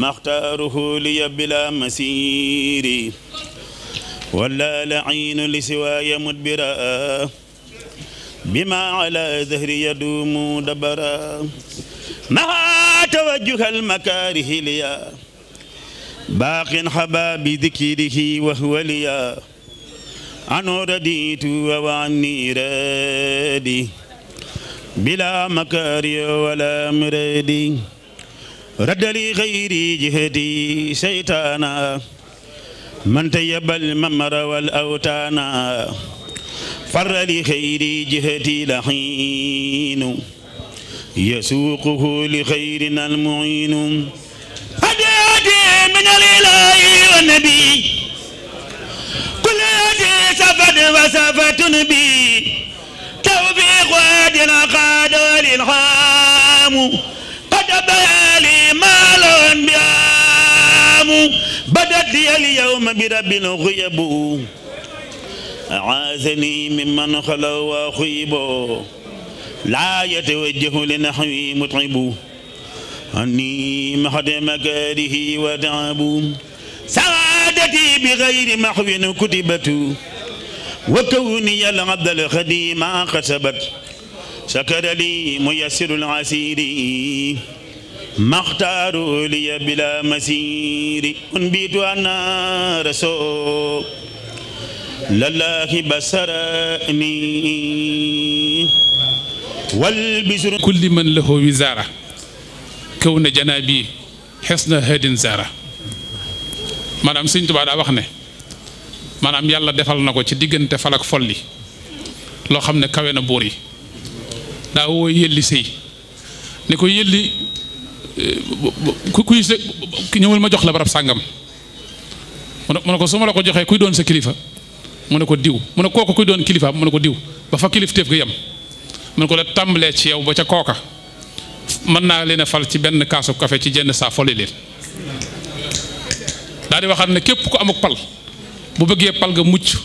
maxtaaruhu liya bila masiri wala lainu li siwaaya mudbira bima ala dahri yaduumu dabara maha tawajjuha almakaarihi liya باق حبا بذكره وهو ليا عنه رديت وعني رادي بلا مكاري ولا مرادي رد لي غيري جهدي شيطانا من تيب الممر والأوتانا فر لي خيري جهدي لحين يسوقه لخيرنا المعين هدي هدي من الإله والنبي كل هدي سفد وسفة بي توفيق وادي العقاد والإلحام قد بيان maal anbiyaamu badat li alyawma bi rabbin xuyabu aazani mimman xalaw wa xuyibo laa yatawajjahu li naxwi mutribu anni maxde makaarihi wa taabu saadati bi xayri maxwin kutibatu wa kawni al abdal xadima qasabat sakara li muyassiru al asiri maxtaaru liya bila masiri unbitu ana raso lallahi basarani wal bisru kulli man lahu wizara kawna janabi xesna hadin zara maanaam Sëñ Tuubaa daa wax ne maanaam yàlla defal na ko ci diggante falak folli loo xam ne kawe na buur yi woo yëlli sëy ne ko yëlli ku kuy sa ñëwal ma jox la barab sàngam mu ne ko su ma la ko joxee kuy doon sa kilifa mu ne ko diw mu ne kooku kuy doon kilifa mu ne ko diw ba fa kilifteef ga yem mu ne ko la tàmbalee ci yow ba ca kooka mën naa leen a fal ci benn kaasu kafe ci jenn saa foli leen daal di waxaat ne képp ku amuk pal bu bëggee pal ga mucc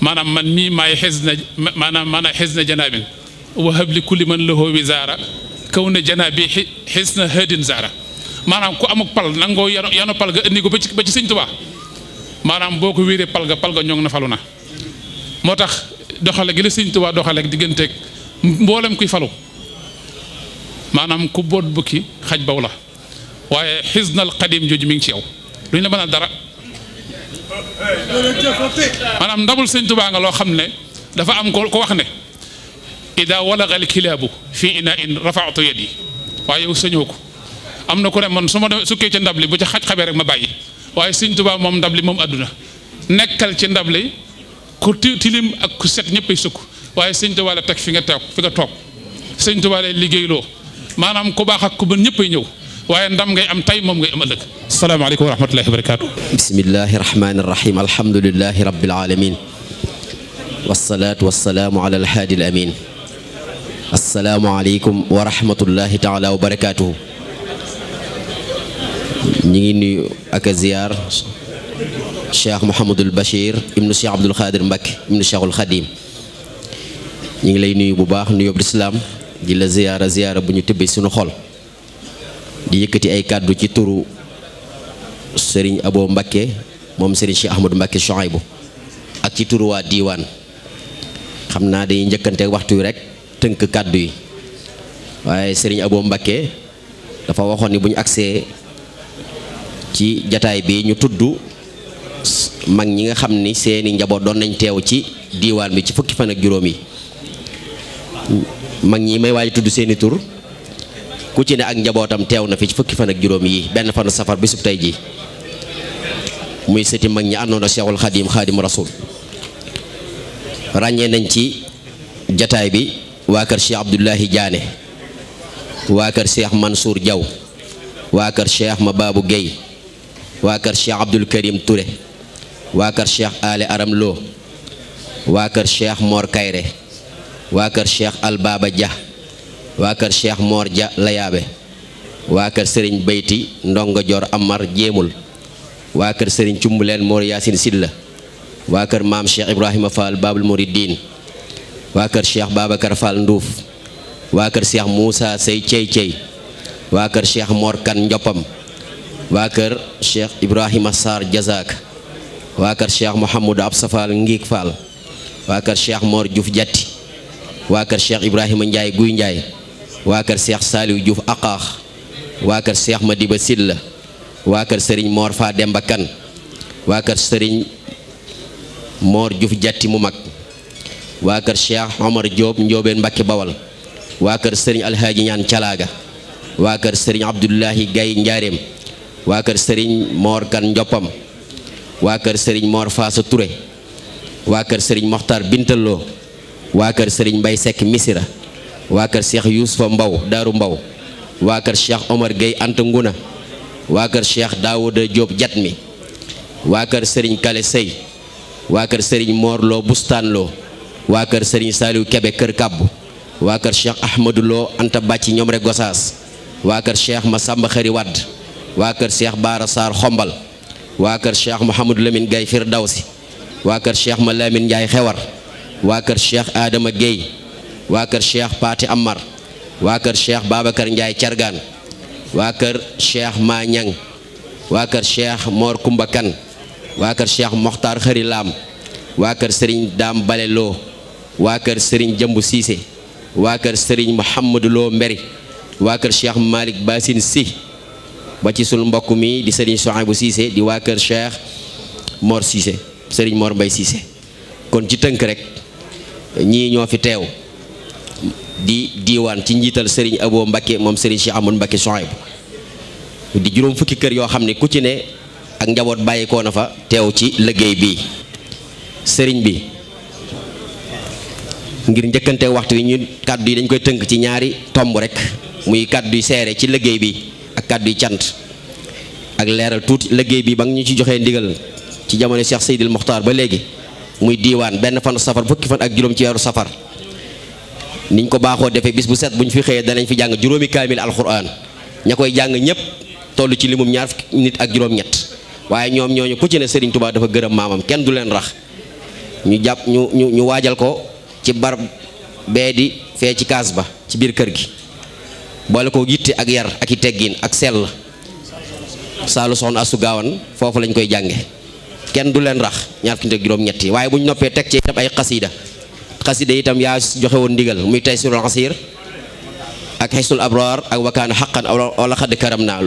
maanaam man mii maay xis na maanaam maanaam xis kulli man lahu wizaara kaw ne janaa bi xis na hëddin zara maanaam ku amuk pal nangoo yano pal ga indi ko ba ci ba ci sëñ Tuubaa maanaam boo ko wiiree pal ga pal ga ñoog na falu na moo tax doxale gi la sëñ Tuubaa mboolem kuy falu maanaam ku boot bukki xaj baw la waaye xisnal xadim jooju mi ngi ci yow lu ñu la mën a dara maanaam ndabul sëñ Tuubaa nga loo xam ne dafa am ko ko wax ne ida walaga alkilaabu fi ina in rafaatu yadi waaye yow sañoo ko am na ku ne man su ma demee sukkee ca ndab li bu ci xaj-xabee rek ma bàyyi waaye sëñ Tuubaa moom ndab li moom àdduna nekkal ci ndab li ku tilim ak ku set ñëppay sukk waaye sëñ Tuubaa la teg fi nga toog fi nga toog sëñ Tuubaa lay liggéeyloo maanaam ku baax ak ku bën ñëppay ñëw waaye ndam ngay am tey moom ngay am ëllëg salaamaaleykum wa rahmatullahi wa barakaatu bismillahi rahmaani rahim alhamdulilahi rabbil alamin wasalaatu wasalaamu ala alhaadi al amin asalaamaaleykum wa rahmatullahi taala wa barakaatuhu ñi ngi nuyu ak a ziyaar cheikh Mouhamadul Bachir ibnu cheikh Abdul Xaadir Mbacke ibnu cheikhul Xadim ñi ngi lay nuyu bu baax nuyoo bu lislaam di la ziyaara ziyaara bu ñu tëbbee suñu xol di yëkkati ay kàddu ci turu sëriñ Abo Mbacke moom sëriñ cheikh Ahmadou Mbacke Chouaïbou ak ci turu waa diiwaan xam naa day njëkkante waxtu wi rek. tënk kàddu yi waaye sëriñ Abo Mbakke dafa waxoon ni bu ñu agsee ci jataay bi ñu tudd mag ñi nga xam ni seeni njaboot doon nañ teew ci diiwaan bi ci fukki fan ak juróom yi mag ñi may waaj tudd seeni tur ku ci ne ak njabootam teew na fi ci fukki fan ak juróom yi benn fanu safar bisub tey ji muy seti mag ñi àndoon ak Seexul Xadiim Xaadimu Rasuul ràññee nañ ci jataay bi waa kër Cheikh Abdoulahi Diané waa kër Cheikh Mansour jaw waa kër Cheikh Mababou Guèye waa kër Cheikh Abdoul Karim waa kër Cheikh Ali Aram waa kër Cheikh Mor Kayre waa kër Cheikh Albaba Dia waa kër Cheikh Mor Dia Layaabe waa kër Serigne Beyti Ndongo Dior Amar Jéemul waa kër Serigne Cumbuleen Mor Yaasin Silla waa kër Maam Cheikh Ibrahima Fall Babul Mouridine waa kër Cheikh Babacar Fall Nduuf waa kër Cheikh Moussa Sey Cey Cey waa kër Cheikh Mor Kan Njoppam waa kër Cheikh Ibrahima Sarr Jazak waa kër Cheikh Mouhamadou Absa Fall Ngiik Fall waa kër Cheikh Mor Diouf Jatti waa kër Cheikh Ibrahima Ndiaye Guy Ndiaye waa kër Cheikh Saliou Diouf Aqaax waa kër Cheikh Madiba Silla waa kër Serigne Mor Fa Demba Kan waa kër Serigne Mor Diouf Jatti mu mag waa kër Cheikh Omar Diop Ndiobène Mbacke Bawal waa kër Serigne Alhaaji Ñaan Calaaga waa kër sëriñ Abdoulahi Gaye Njaareem waa kër sëriñ Mor Kan Ndioppam waa kër Serigne Mor Faasa Touré waa kër Serigne Mokhtar Bintaloo waa kër Serigne Mbay Seck Misira waa kër Cheikh Youssoufa Mbaw Daaru Mbaw waa kër Cheikh Omar Gaye Anta Nguna waa kër Cheikh Daouda Diop Jatmi waa kër Serigne Kale Sey waa kër Serigne Mor Loo waa kër Serigne Saliou Kebe kër Kàbbu waa kër Cheikh Ahmadou Anta Bàcc ñoom rek Gosaas waa kër Cheikh Massamba Xëri Wadd waa kër Cheikh Baara Sarr Xombal waa kër Cheikh Mouhamadou Lamine Gaye Firdawsi waa kër Cheikh ma Lamine Ndiaye Xewar waa kër Cheikh Adama Guèye waa kër Cheikh Paati Amar waa kër Cheikh Babacar Ndiaye Cargaan waa kër Cheikh Ma Ñang waa kër Cheikh Mor Kumba waa kër Cheikh Mokhtar Xëri Laam waa kër Serigne Daam Baleloo waa kër sëriñ Jambu siise waa kër Serigne Mouhamadou Lo Mbéri waa kër Cheikh Malick Bassine si ba ci sunu mbokk mi di Serigne bu siise di waa kër Cheikh Mor Cissé Serigne Mor Mbaye Cissé kon ci tënk rek ñii ñoo fi teew di diiwaan ci njiital Serigne Abo Mbacké moom Serigne Cheikh Amadou Mbacké Souhaïbou di juróom fukki kër yoo xam ne ku ci ne ak njaboot bàyyikoo na fa teew ci liggéey bii sëriñ bi. ngir njëkkante waxtu yi ñu kàddu yi dañ koy tënk ci ñaari tomb rek muy kàddu yi seere ci liggéey bi ak kàddu yi cant ak leeral tuuti liggéey bi ba nga ñu ci joxee ndigal ci jamono seex Seydil Mokhtar ba léegi muy diwaan benn fan safar fukki fan ak juróom ci weeru safar niñ ko baaxoo defee bis bu set bu ñu fi xëyee danañ fi jàng juróomi kaamil alxuraan ña koy jàng ñëpp toll ci limum ñaar nit ak juróom-ñett waaye ñoom ñooñu ku ci ne Serigne Touba dafa gërëm kenn du leen rax ñu jàpp ñu waajal ko. ci barab di fee ci kaas ba ci biir kër gi boole koo yitte ak yar ak i teggiin ak sell saalu soxna asu gaawan foofu lañ koy jànge kenn du leen rax ñaar fukki ak juróom ñetti waaye bu ñu noppee teg ci itam ay xasida xasida itam yaa joxe woon ndigal muy tay sirul xasir ak xesul abrar ak wakaana xaqan wala xadd karam naa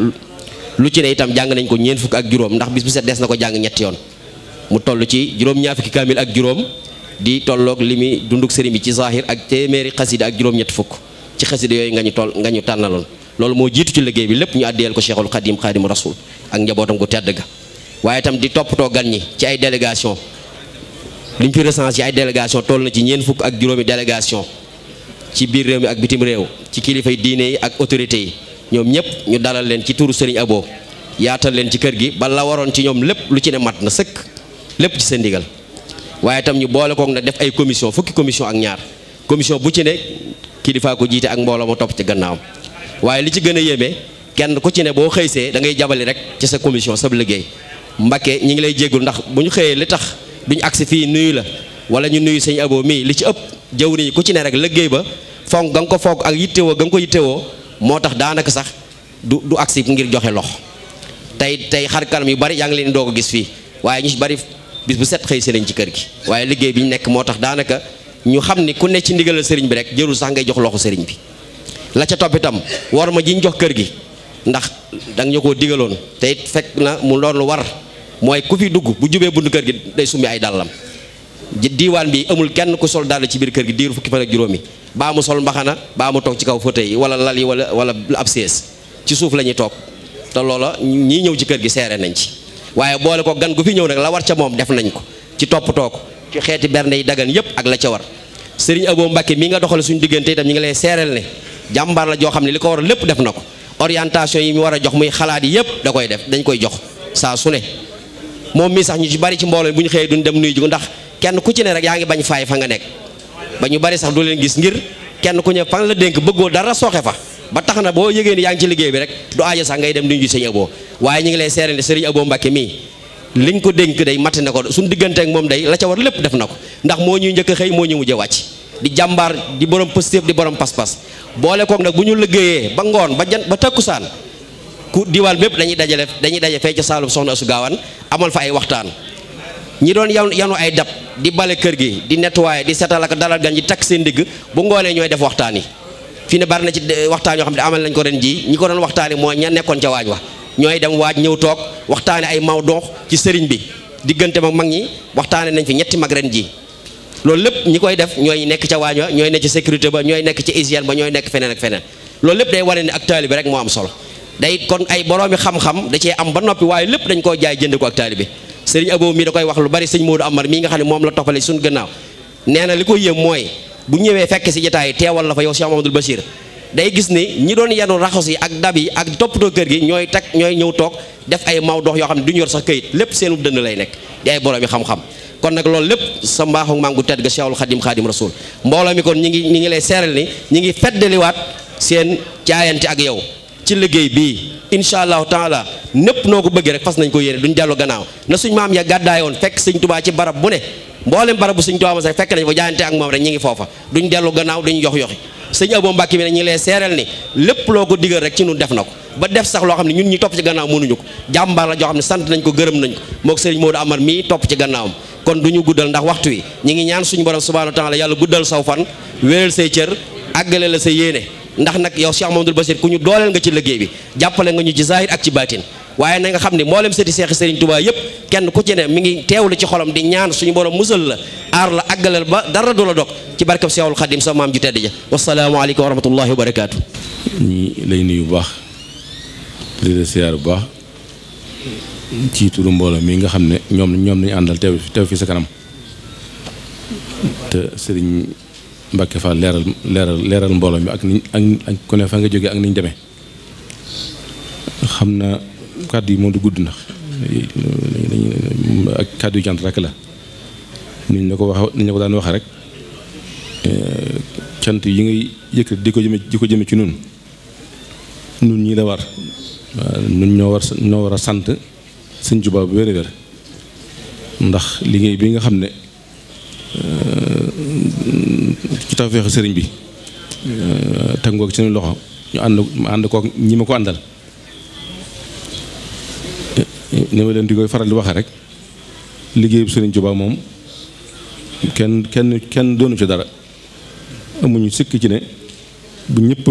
lu ci ne itam jàng nañ ko ñeent fukk ak juróom ndax bis bu set des na ko jàng ñetti yoon mu toll ci juróom ñaar fukki kaamil ak juróom di tollook li muy dunduk sëriñ bi ci zahir ak téeméeri xasida ak juróom-ñett fukk ci xasida yooyu nga ñu toll nga ñu tànnaloon loolu moo jiitu ci liggéey bi lépp ñu àddiyeel ko cheikhul xadim xaadimu rasul ak njabootam gu tedd ga waaye itam di toppatoo gan ñi ci ay délégation luñ fi recensé ci ay délégation toll na ci ñeent fukk ak juróomi délégation ci biir réew mi ak bitim réew ci kilifa kilifay diine yi ak autorités yi ñoom ñëpp ñu dalal leen ci turu sëriñ Abo yaatal leen ci kër gi ba la waroon ci ñoom lépp lu ci ne mat na sëkk lépp ci seen ndigal waaye tam ñu boole kook nag def ay commission fukki commission ak ñaar commission bu ci ne kilifaa ko jiite ak mbooloo ma topp ci gannaawam waaye li ci gën a yéeme kenn ku ci ne boo xëysee da ngay jabali rek ci sa commission sab liggéey Mbakke ñi ngi lay jéggul ndax bu ñu xëyee li tax duñu agsi fii nuyu la wala ñu nuyu sëñ Abo mii li ci ëpp jëwriñ ku ci ne rek liggéey ba fonk ga nga ko foog ak yittewoo ga nga ko yittewoo moo tax daanaka sax du du agsi ngir joxe lox tey tey xarkanam yu bari yaa ngi leen doog a bis bu set xëy si nañ ci kër gi waaye liggéey bi ñu nekk moo tax daanaka ñu xam ni ku ne ci ndigalal sëriñ bi rek jërul sax ngay jox loxo sëriñ bi la ca topp itam war ma ji jox kër gi ndax danga ñu koo digaloon te na mu doon lu war mooy ku fi dugg bu jubee bunt kër gi day summi ay dàllam diiwaan bi amul kenn ku sol dàll ci biir kër gi diiru fukki fan ak juróomi baa mu sol mbaxana baa mu toog ci kaw fauteuil yi wala lal yi wala wala ab sées ci suuf la ñuy toog te loola ñii ñëw ci kër gi seere nañ ci waaye boole ko gan gu fi ñëw nag la war ca moom def nañ ko ci toppatoo ko ci xeeti bernde yi dagan yépp ak la ca war sëriñ Abo Mbacke mii nga doxale suñu diggante itam ñu ngi lay seereel ne jàmbaar la xam ne li ko war lépp def na ko orientation yi mu war a jox muy xalaat yi yépp da koy def dañ koy jox saa su ne moom mii sax ñu ci bari ci mbooloo bu ñu xëyee duñ dem nuyu ji ndax kenn ku ci ne rek yaa ngi bañ faay fa nga nekk ba ñu bari sax du leen gis ngir kenn ku ñëw fan la dénk bëggoo dara soxe fa ba tax na boo yëgee ni yaa ngi ci liggéey bi rek du aajo sax ngay dem nuyu ji sëñ Abo waaye ñu ngi lay seere ne sëriñ Abo Mbacke li liñ ko dénk day matt na ko suñu diggante ak moom day la ca war lépp def na ko ndax moo ñuy njëkk xëy moo ñu mujj a wàcc di jàmbaar di borom pëstéef di borom pas-pas boole koog nag bu ñu liggéeyee ba ngoon ba jan ba takkusaan ku diwaan bépp dañuy dajale dañuy daje fee ca Saalum soxna Asu Gaawaan amal fa ay waxtaan ñi doon yanu ay dab di bale kër gi di nettoyer di setal ak dalal gan yi takk seen digg bu ngoonee ñooy def waxtaan yi fii ne bari na ci eh, waxtaan yoo xam ne amal nañ ko ren jii ñi ko doon waxtaanee mooy ña nekkoon ca waañ wa ñooy dem waaj ñëw toog waxtaane ay maw dox ci sëriñ bi diggante mag mag ñi waxtaane nañ fi ñetti mag ren jii loolu lépp ñi koy def ñooy nekk ca waañ wa ñooy nekk ci sécurité ba ñooy nekk ci hygiène ba ñooy nekk feneen ak feneen loolu lépp day wane ne ak taalibe rek moo am solo day kon ay boroomi xam-xam da cee am ba noppi waaye lépp dañ koo jaay jënd ko ak taalibe sëriñ Abo mi da koy wax lu bari sëñ Modou Amar mii nga xam ne moom la toppale suñu gannaaw nee bu ñëwee fekk si yi teewal la fa yow Cheikh Mamadou Bachir day gis ni ñi doon yenu raxas yi ak dab yi ak toppatoo kër gi ñooy teg ñooy ñëw toog def ay maw dox yoo xam ne du ñu yor sax këyit lépp seenu dënn lay nekk di ay borom yi xam-xam kon nag loolu lépp sa mbaaxu maam gu tedd ga Cheikhul Khadim Khadim Rasoul mbooloo mi kon ñi ngi ñi ngi lay seeral ni ñi ngi feddaliwaat seen jaayante ak yow ci liggéey bi incha allahu taala népp noo ko bëggee rek fas ko yéene duñ dellu gannaaw na suñ maam ya gàddaayoon fekk sëñ tubaa ci barab bu ne mboolem barabu suñ dooma sax fekk nañ fa jaayante ak moom rek ñu ngi foofa duñ dellu gannaaw duñ yox yoxi sëñ Abo Mbàkke mi ne ñu ngi lay seeral ni ko digal rek def na ko ba def sax loo xam ne ñun ñi topp ci gannaaw mënuñu ko jàmbaar joo xam ne sant nañ ko gërëm nañ ko mook sëriñ Modou Amar mii topp ci gannaawam kon du ñu guddal ndax waxtu wi ñu ngi ñaan suñu borom subhanahu wa taala yàlla guddal saw fan wéral say cër àggale la sa yéene ndax nag yow Cheikh Mamadou Bassir ku ñu dooleel nga ci liggéey bi jàppale nga ñu ci zahir ak ci baatin waaye na nga xam ne mboolem sëti seexi sëriñ Tuubaa yëpp kenn ku ci ne mi ngi la ci xolam di ñaan suñu borom musal la aar la àggalal ba dara du la dog ci barkab Seexul Xadim sa maam ju tedd ja wasalaamaaleykum wa rahmatullahi wa barakaatu. ñi lay nuyu bu baax di la siyaar mbooloo mi nga xam ne ñoom ñoom lañu àndal teew teew fi sa kanam sëriñ Mbacke Fall leeral leeral leeral mbooloo mi ak ni ak fa nga jógee ak ni deme xam na. kàddu yi moom du gudd ndax ak kàddu yu cant rek la niñ la ko wax niñ la ko daan waxee rek eh, cant yi ngay yëkkati di ko jëme di ko jëme ci nun nun ñii la war nun ñoo war a sant sëñ Tuubaa bu wér a wér ndax liggéey bi nga xam ne eh, ci tawfeexu sëriñ bi eh, teg ngoog ci suñu loxo ñu ànd ànd kook ñi ma ko àndal ni leen di koy faral di waxee rek liggéey bi Sëriñ Tuubaa moom kenn kenn kenn doonu ci dara ñu sikk ci ne bu ñëpp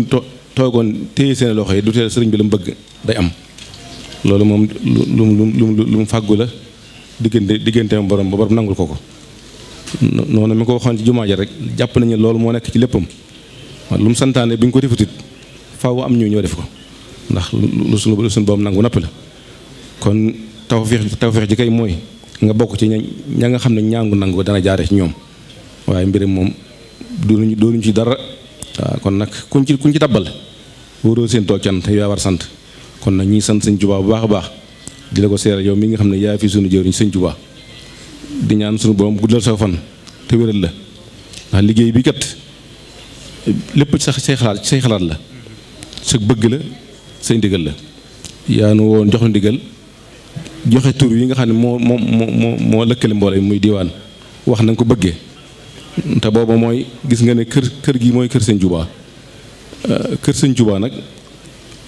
toogoon téye seen loxo yi du teel sëriñ bi lu mu bëgg day am loolu moom lu mu lu lu mu fàggu la diggante digganteem borom ba borom nangul ko ko noonu mu ko waxoon ci jumaa ja rek jàpp nañu loolu moo nekk ci léppam waaw lu mu santaane bi ñu ko defutit faaw am ñu ñoo def ko ndax lu sunu lu suñu boom nangu napp la kon tawfeex tawfeex ji kay mooy nga bokk ci ña nga xam ne ñaangu nangu dana jaare ci ñoom waaye mbiram moom dooluñu dooluñu ci dara waaw kon nag kuñ ci kuñ ci tabbal wóoroo seen toog cant yaa sant kon nag ñi sant sëñ Tuubaa bu baax a baax di la ko seeral yow mi nga xam ne yaa fi sunu jëwriñ sëñ Tuubaa di ñaan sunu boom guddal sa fan te wéral la ndax liggéey bi kat lépp sax say xalaat say xalaat la sa bëgg la say ndigal la yaa nu woon jox ndigal joxe tur yi nga xam ne moo moo moo moo lëkkale mbooloo muy diwaan wax na nga ko bëggee te booba mooy gis nga ne kër kër gi mooy kër sëñ Juba euh, kër sëñ Juba nag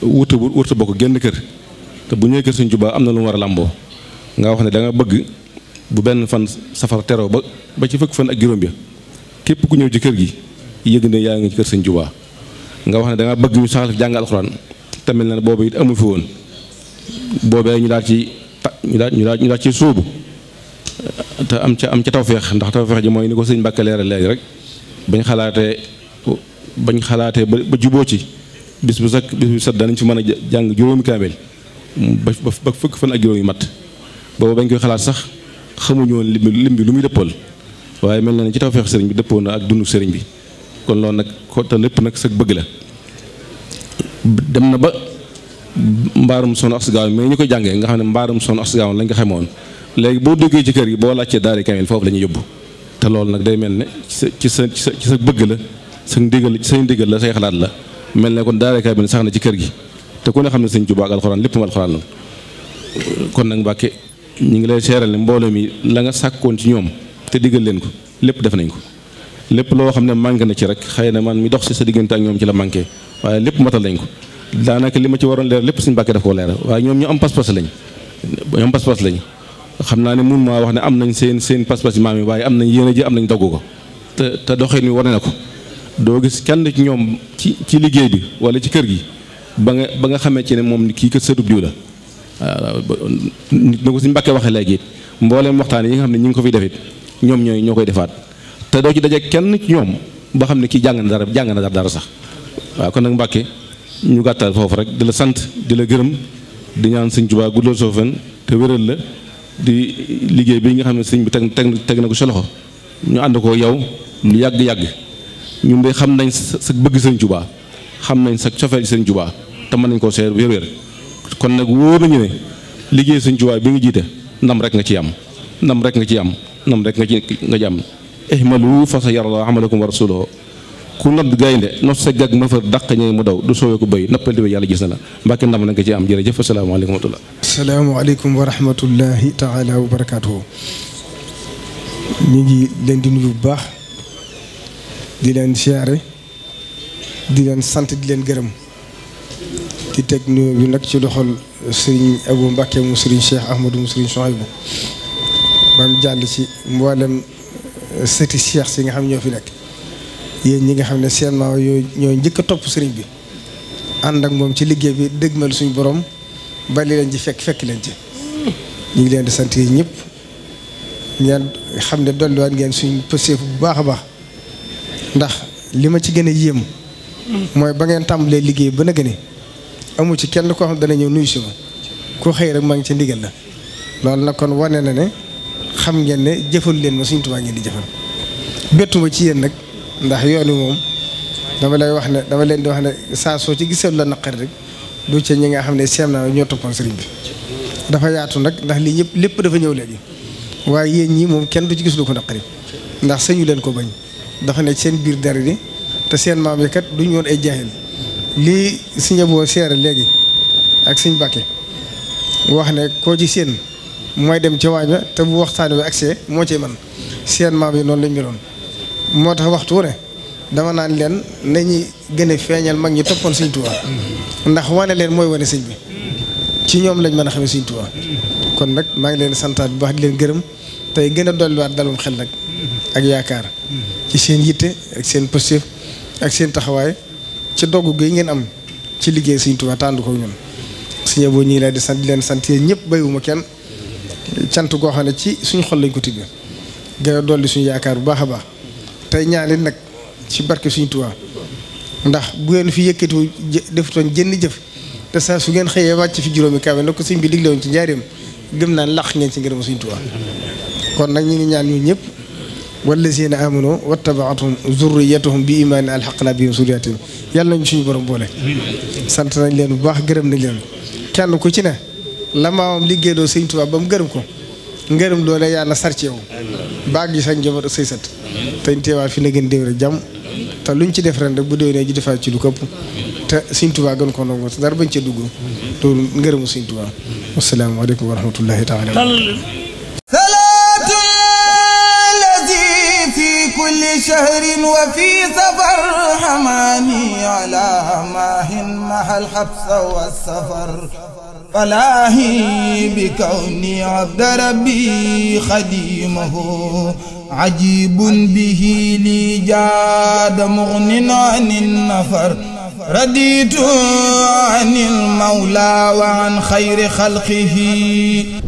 wuta wuta bokk génn kër te bu ñëwee kër sëñ Juba am na lu war a làmboo nga wax ne da nga bëgg bu benn fan safar teroo ba ba ci fukk fan ak juróom ya képp ku ñëw ci kër gi yëg ne yaa ngi ci kër sëñ Juba nga wax ne da bëgg ñu saxal fi jàng alxuraan tamit na boobu it amu fi woon boobee ñu daal ci ñu daal ñu daal ñu daal ci suubu te am ca am ca tawféex ndax tawféex ji mooy ni ko sëñ Mbàkke leeral léegi rek bañ xalaatee bañ xalaatee ba ba juboo ci bis bu sakk bis bu set danañ fi mën a jàng juróomi kaamil ba ba fukk fan ak juróomi matt booba bañ koy xalaat sax xamuñu woon lim lim bi lu muy dëppal waaye mel na ne ci tawféex sëriñ bi dëppoo na ak dundu sëriñ bi kon loolu nag ko te lépp nag sag bëgg la dem na ba. mbaarum son asgaaw mais ñu ko jàngee nga xam ne mbaarum son asgaaw lañ ko xamoon léegi boo duggee ci kër gi boo laajtee daari kamil foofu la ñuy yóbbu te loolu nag day mel ne ci sa ci sa ci sa bëgg la sa ndigal ci say ndigal la say xalaat la mel ne kon daari kamil sax na ci kër gi te ku ne xam ne sëñ Tuubaa ak alxuraan lépp mu alxuraan la kon nag Mbàkke ñu ngi lay seeral ne mbooloo mi la nga sàkkoon ci ñoom te diggal leen ko lépp def nañ ko lépp loo xam ne manqué na ci rek xëy na man mi dox si sa diggante ñoom ci la manqué waaye lépp matal nañ ko daanaka li ma ci waroon leer lépp suñ mbàkkee daf koo leer waaye ñoom ñu am pas-pas lañ ñoom pas-pas lañ xam naa ne mun maa wax ne am nañ seen seen pas-pas yi maam yi waaye am nañ yéen a ji am nañ dogg ko te te doxin wi wane na ko doo gis kenn ci ñoom ci ci liggéey bi wala ci kër gi ba nga ba nga xamee ne moom kii kat sëtub diw la nit na ko suñu mbàkkee waxee léegi it mbooleem waxtaan yi nga xam ne ñu ngi ko fi defit ñoom ñooy ñoo koy defaat te doo ci daje kenn ci ñoom boo xam ne kii jàng na dara jàng na dara sax waaw kon nag mbàkke ñu gàttal foofu rek di la sant di la gërëm di ñaan sëñ Tuubaa guddal soo fan te wéral la di liggéey bi nga xam ne sëñ bi teg teg na ko sa loxo ñu ànd koo yow lu yàgg-yàgg ñu de xam nañ sa bëgg sëñ Tuubaa xam nañ sa cofeel sëñ Tuubaa te mën nañ koo seer wér wér kon nag wóor nañu ne liggéey sëñ Tuubaa bi nga jiite ndam rek nga ci am ndam rek nga ci am ndam rek nga ci nga ci am ihmalu fa sayara Allahu amalakum wa rasuluhu ku nodd gaynde not sa gag ma far dàq ñëw mu daw du soowee ko béy nappal di yàlla gis na la mbàkke ndam na nga ci am jërëjëf asalaamaaleykum wa rahmatulah. salaamaaleykum wa rahmatulahi taala wa barakaatuhu. ñu ngi leen di nuyu bu baax di leen siyaare di leen sant di leen gërëm di teg nuyoo bi nag ci loxol Serigne Abou Mbacke mu Serigne Cheikh Ahmadou mu Serigne Souhaïbou ba mu jàll ci mboolem euh, sëti Cheikh si nga xam ñoo fi nekk. yéen ñi nga xam ne seen maaw yooyu ñoo njëkk a topp sëriñ bi ànd ak moom ci liggéey bi dégmal suñu borom bali leen ci fekk fekk leen ci ñu ngi leen di sant yi ñëpp ngeen xam ne dolliwaat ngeen suñ pëseef bu baax a baax ndax li ma ci gën a yéem mooy ba ngeen tàmbalee liggéey ba na gëne amu ci kenn koo xam dana ñëw nuyu si ma ku xëy rek maa ngi ci ndigal la loolu na kon wane na ne xam ngeen ne jëfal leen ma suñ tubaa ngeen di jëfal bettuma ci yéen ndax yoon wi moom dama lay wax ne dama leen di wax ne saa soo ci gisal la naqari rek du ci ñi nga xam ne seem naa ñoo toppoon sëriñ bi dafa yaatu nag ndax lii ñëpp lépp dafa ñëw léegi waaye yéen ñii moom kenn du ci gis lu ko ndax sañu leen ko bañ dafa ne seen biir dara di te seen maam yi kat duñu ay jaahil lii si ñëboo seere léegi ak suñ bàkke wax ne koo ci seen mooy dem ci waañ te bu waxtaan wi accès moo ci man seen maam yi noonu lañ meloon moo tax waxtu ne dama naan leen nañuy gën a feeñal mag ñi toppoon Sëñ Tuubaa ndax wane leen mooy wane sëñ bi ci ñoom lañ mën a xamee Sëñ Tuubaa kon nag maa ngi leen santaat bu baax di leen gërëm tey gën a dolliwaat dalum xel nag ak yaakaar seen yitte ak seen positif ak seen taxawaay ci dogg gi ngeen am ci liggéey Sëñ Tuubaa tàndu boo ñu ngi di sant leen sant ñëpp béyuma kenn cant goo xam ne ci suñu xol lañ ko gën a dolli suñu yaakaar bu baax a baax tey ñaanit nag ci barke suñu Tuubaa ndax bu ngeen fi yëkkatiwu defutoon jënd jëf te saa su ngeen xëyee wàcc fi juróomi kaamil nag ko sëñ bi digle woon ci njaareem gëm naa laq ngeen ci ngërëm suñu Tuubaa kon nag ñu ngi ñaan ñu ñëpp wallazina amanu wattabaatuhum zurriyatuhum bi imaanin alxaqna bihim zurriyatahum yàlla nañu suñu borom boole sant nañ leen bu baax gërëm nañ leen kenn ko ci ne la maamam liggéeyloo sëñ Tuubaa ba mu gërëm ko ngërëm loolee yàlla sarceew baag yi sax njaboot ak say sët teñ teewaat fi gën déwér jàmm te luñ ci def ren rek bu déwénee ji defaat ci lu këpp te Sëñ Tuubaa gën ko ndongo te dara bañ cee dugg loolu ngërëmu Sëñ Tuubaa wassalaamu aleykum wa rahmatullahi taala fi kulli shahrin wa fi safar hamani ala maahin mahal habsa wa falaahi bi kawni abd rabbi xadimahu ajibun bihi li jaada mugnin anin nafar raditu anil mawla wa an xayri xalqihi